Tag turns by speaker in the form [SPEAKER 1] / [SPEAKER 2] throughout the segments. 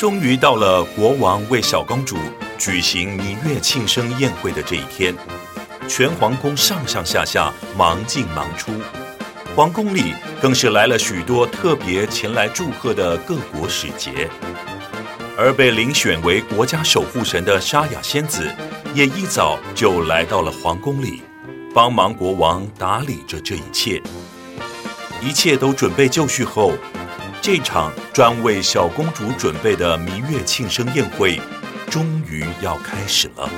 [SPEAKER 1] 終於到了國王為小公主舉行彌月慶生宴會的這一天，全皇宮上上下下忙進忙出，皇宮裡更是來了許多特別前來祝賀的各國使節，而被遴選為國家守護神的沙雅仙子也一早就來到了皇宮裡，幫忙國王打理着這一切。一切都準備就緒後。這場專為小公主準備的彌月慶生宴會，終於要開始了。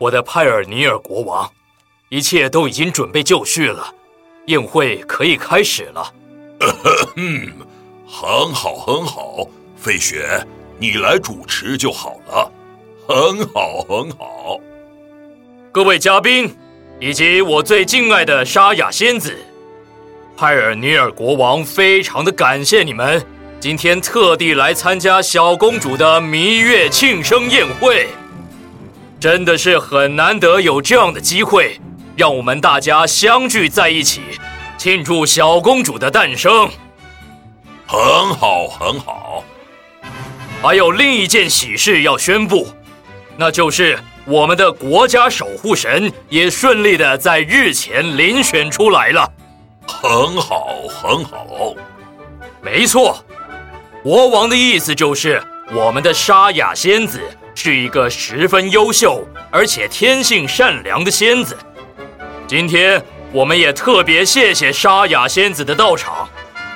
[SPEAKER 1] 我的派爾尼爾國王，一切都已經準備就緒了，宴會可以開始了。 很好，很好，很好，飛雪，你來主持就好了。很好，很好。各位嘉賓，以及我最敬愛的沙雅仙子，派爾尼爾國王非常的感謝你們今天特地來參加小公主的彌月慶生宴會。真的是很難得有這樣的機會，讓我們大家相聚在一起，慶祝小公主的誕生。很好，很好。還有另一件喜事要宣布，那就是我們的國家守護神也順利的在日前遴選出來了。很好，很好。沒錯，國王的意思就是我們的沙雅仙子。是一個十分優秀，而且天性善良的仙子。今天我們也特別謝謝沙雅仙子的到場，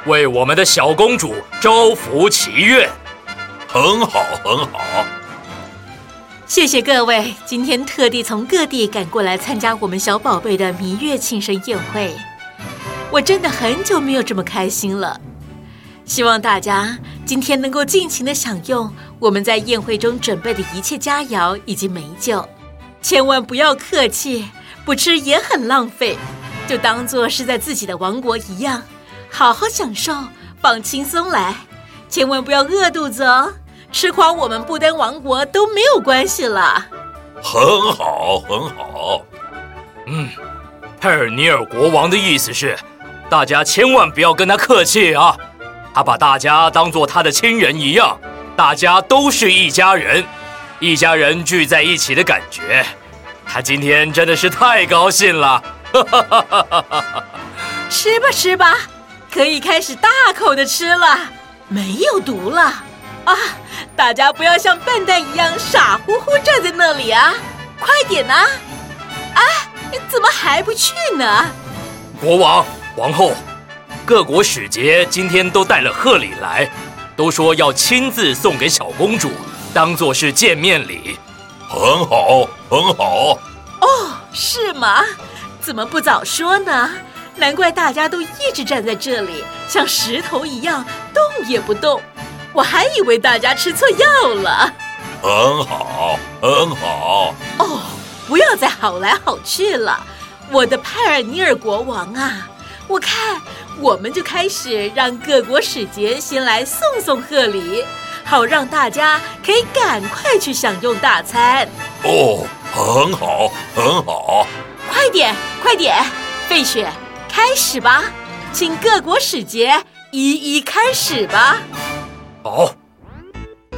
[SPEAKER 1] 為我們的小公主招福祈願。很好，很好。
[SPEAKER 2] 謝謝各位，今天特地從各地趕過來參加我們小寶貝的彌月慶生宴會，我真的很久沒有這麼開心了。希望大家今天能夠盡情的享用。我們在宴會中準備的一切佳肴以及美酒，千萬不要客氣，不吃也很浪費，就當做是在自己的王國一樣，好好享受，放輕鬆來，千萬不要餓肚子哦，吃垮我們不丹王國都沒有關係了。
[SPEAKER 1] 很好，很好。嗯，佩爾尼爾國王的意思是，大家千萬不要跟他客氣啊，他把大家當做他的親人一樣。大家都是一家人，一家人聚在一起的感覺，他今天真的是太高興了。
[SPEAKER 2] 吃吧吃吧，可以開始大口的吃了，沒有毒了啊！大家不要像笨蛋一樣傻乎乎站在那裡啊，快點吶！啊！啊，你怎麼還不去呢？
[SPEAKER 1] 國王、王后、各國使節今天都帶了賀禮來。都說要親自送給小公主，當作是見面禮。很好，很好。
[SPEAKER 2] 哦，是嗎？怎麼不早說呢？難怪大家都一直站在這裡，像石頭一樣動也不動。我還以為大家吃錯藥了。
[SPEAKER 1] 很好，很好。哦，
[SPEAKER 2] 不要再好來好去了，我的派爾尼爾國王啊！我看，我們就開始讓各國使節先來送送賀禮，好讓大家可以趕快去享用大餐。哦，
[SPEAKER 1] 很好，很好，
[SPEAKER 2] 快點，快點，費雪，開始吧，請各國使節一一開始吧。
[SPEAKER 1] 好，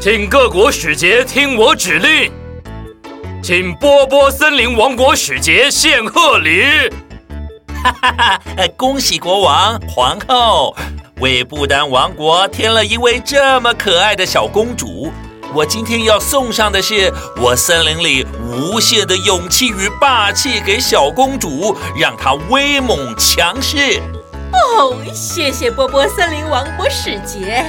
[SPEAKER 1] 請各國使節聽我指令，請波波森林王國使節獻賀禮。哈哈哈！ 恭喜國王、皇後，為不丹王國添了一位這麼可愛的小公主。我今天要送上的是我森林裡無限的勇氣與霸氣給小公主，讓她威猛強勢。
[SPEAKER 2] 哦，謝謝波波森林王國使節。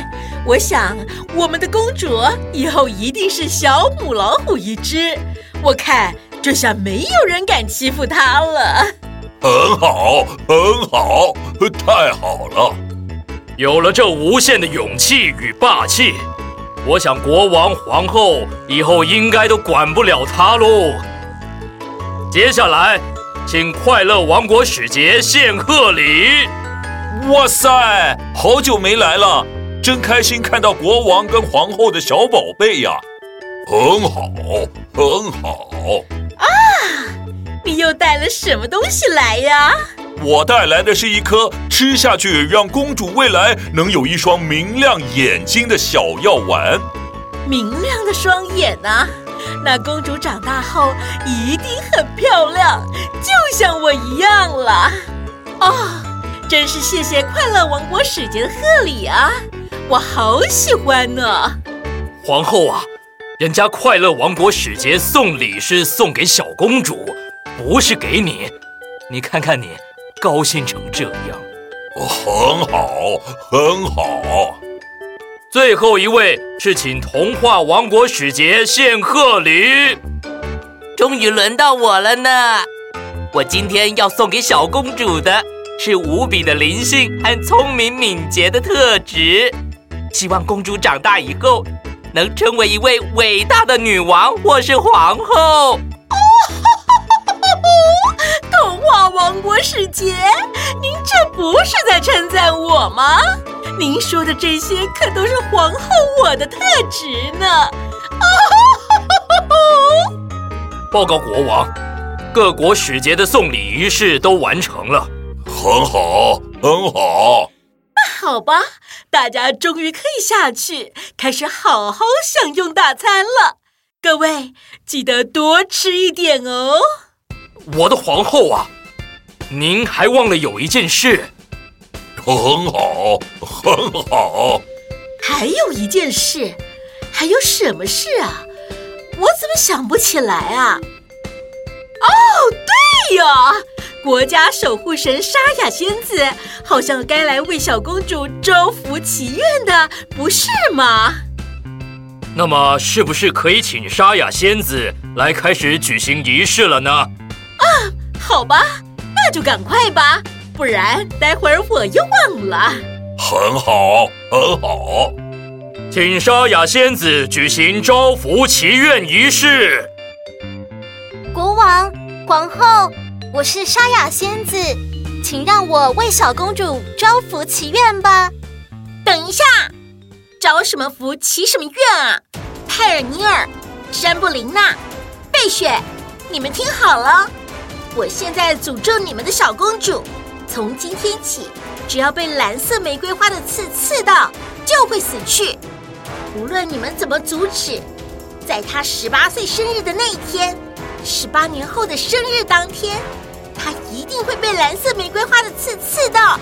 [SPEAKER 2] 我想我們的公主以後一定是小母老虎一隻。我看這下沒有人敢欺負她了。
[SPEAKER 1] 很好，很好，太好了！有了這無限的勇氣與霸氣，我想國王、皇后以後應該都管不了他嘍。接下來，請快樂王國使節獻賀禮。哇塞，好久沒來了，真開心看到國王跟皇後的小寶貝呀！很好，很好
[SPEAKER 2] 啊。你又帶了什麼東西來呀？
[SPEAKER 1] 我帶來的是一顆吃下去，讓公主未來能有一雙明亮眼睛的小藥丸。
[SPEAKER 2] 明亮的雙眼啊，那公主長大後一定很漂亮，就像我一樣了。哦，真是謝謝快樂王國使節的賀禮啊，我好喜歡呢。
[SPEAKER 1] 皇後啊，人家快樂王國使節送禮是送給小公主。不是給你，你看看你，高興成這樣，很好，很好。最後一位是請童話王國使節獻賀禮。終於輪到我了呢，我今天要送給小公主的是無比的靈性和聰明敏捷的特質，希望公主長大以後能成為一位偉大的女王或是皇後。
[SPEAKER 2] 哦。哦不！童話王國使節，您這不是在稱讚我嗎？您說的這些可都是皇后我的特質呢。哦哈！哦哦，
[SPEAKER 1] 報告國王，各國使節的送禮儀式都完成了。很好，很好。
[SPEAKER 2] 那好吧，大家終於可以下去開始好好享用大餐了。各位記得多吃一點哦。
[SPEAKER 1] 我的皇後啊，您還忘了有一件事。很好，很好。
[SPEAKER 2] 還有一件事，還有什麼事啊？我怎麼想不起來啊？哦，對呀，國家守護神沙雅仙子好像該來為小公主招福祈願的，不是嗎？
[SPEAKER 1] 那麼，是不是可以請沙雅仙子來開始舉行儀式了呢？
[SPEAKER 2] 啊，好吧，那就趕快吧，不然待會兒我又忘了。
[SPEAKER 1] 很好，很好，請沙雅仙子舉行招福祈願儀式。
[SPEAKER 2] 國王、皇後，我是沙雅仙子，請讓我為小公主招福祈願吧。等一下，招什麼福，祈什麼願啊？泰爾尼爾、山布林娜、貝雪，你們聽好了。我現在詛咒你們的小公主，從今天起，只要被藍色玫瑰花的刺刺到，就會死去。無論你們怎麼阻止，在她十八歲生日的那一天，十八年後的生日當天，她一定會被藍色玫瑰花的刺刺到。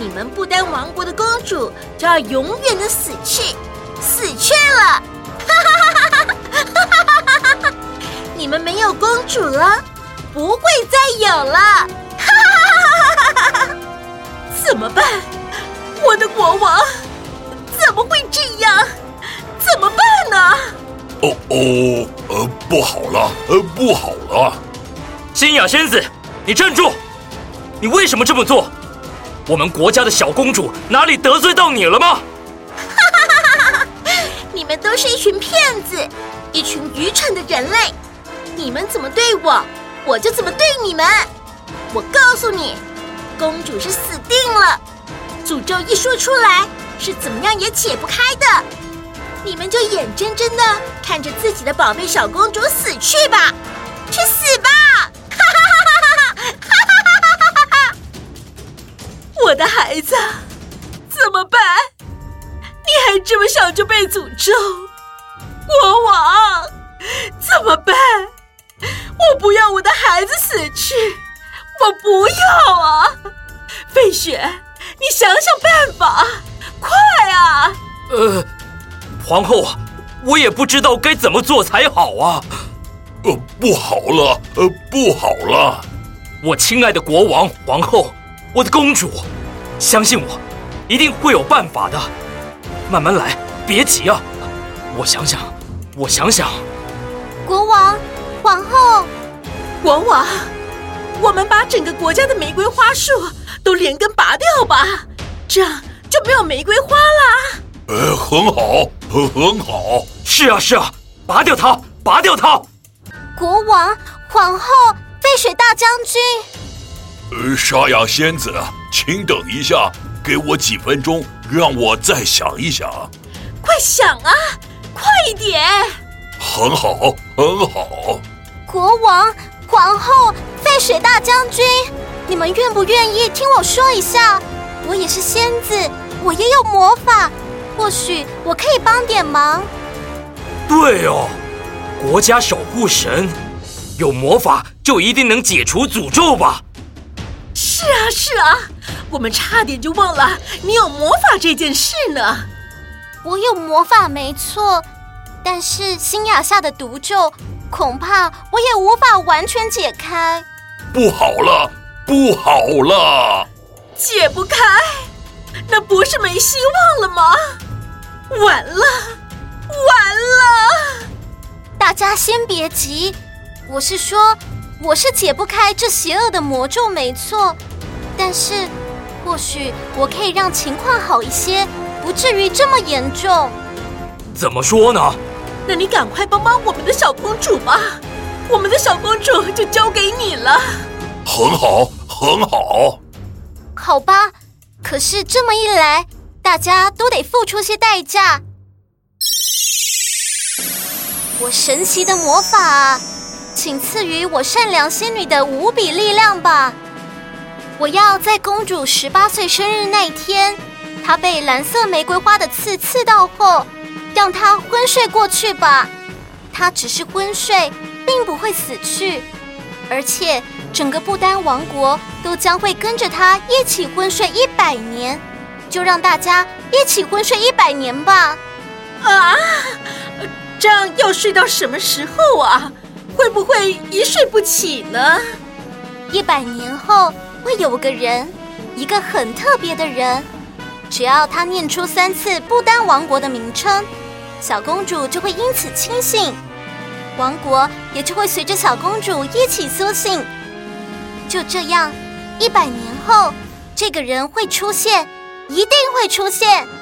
[SPEAKER 2] 你們不丹王國的公主就要永遠的死去，死去了！ 你們沒有公主了。不會再有了！ 怎麼辦？我的國王怎麼會這樣？怎麼辦呢？
[SPEAKER 1] 哦哦，呃，不好了，呃，不好了！新雅仙子，你站住！你為什麼這麼做？我們國家的小公主哪裡得罪到你了嗎？
[SPEAKER 2] 你們都是一群騙子，一群愚蠢的人類！你們怎麼對我？我就怎麼對你們？我告訴你，公主是死定了。詛咒一說出來，是怎麼樣也解不開的。你們就眼睜睜地看着自己的寶貝小公主死去吧，去死吧！哈哈哈哈哈哈！哈哈哈哈哈哈！我的孩子，怎麼辦？你還這麼小就被詛咒，國王，我不要啊，費雪，你想想辦法，快啊！
[SPEAKER 1] 呃，皇後，我也不知道該怎麼做才好啊。呃，不好了，呃，不好了！我親愛的國王、皇後，我的公主，相信我，一定會有辦法的。慢慢來，別急啊！我想想，我想想。
[SPEAKER 2] 國王，皇後，國王。我們把整個國家的玫瑰花樹都連根拔掉吧，這樣就沒有玫瑰花啦。
[SPEAKER 1] 呃、哎，很好，很、嗯、很好。是啊，是啊，拔掉它，拔掉它。
[SPEAKER 2] 國王、皇後、廢水大將軍。
[SPEAKER 1] 呃，沙啞仙子，請等一下，給我幾分鐘，讓我再想一想。
[SPEAKER 2] 快想啊，快一點。
[SPEAKER 1] 很好，很好。
[SPEAKER 2] 國王、皇後。淚水大將軍，你們願不願意聽我說一下？我也是仙子，我也有魔法，或許我可以幫點忙。
[SPEAKER 1] 對哦，國家守護神，有魔法就一定能解除詛咒吧？
[SPEAKER 2] 是啊，是啊，我們差點就忘了你有魔法這件事呢。我有魔法沒錯，但是新雅下的毒咒，恐怕我也無法完全解開。
[SPEAKER 1] 不好了，不好了！
[SPEAKER 2] 解不開，那不是沒希望了嗎？完了，完了！大家先別急，我是說，我是解不開這邪惡的魔咒，沒錯。但是，或許我可以讓情況好一些，不至於這麼嚴重。
[SPEAKER 1] 怎麼說呢？
[SPEAKER 2] 那你趕快幫幫我們的小公主吧，我們的小公主就交給你。
[SPEAKER 1] 很好，很好。
[SPEAKER 2] 好吧，可是這麼一來，大家都得付出些代價。我神奇的魔法啊，請賜予我善良仙女的無比力量吧！我要在公主十八歲生日那天，她被藍色玫瑰花的刺刺到後，讓她昏睡過去吧。她只是昏睡，並不會死去，而且。整個不丹王國都將會跟着他一起昏睡一百年，就讓大家一起昏睡一百年吧。啊，這樣要睡到什麼時候啊？會不會一睡不起呢？一百年後會有個人，一個很特別的人，只要他念出三次不丹王國的名稱，小公主就會因此清醒，王國也就會隨着小公主一起甦醒。就這樣，一百年後，這個人會出現，一定會出現。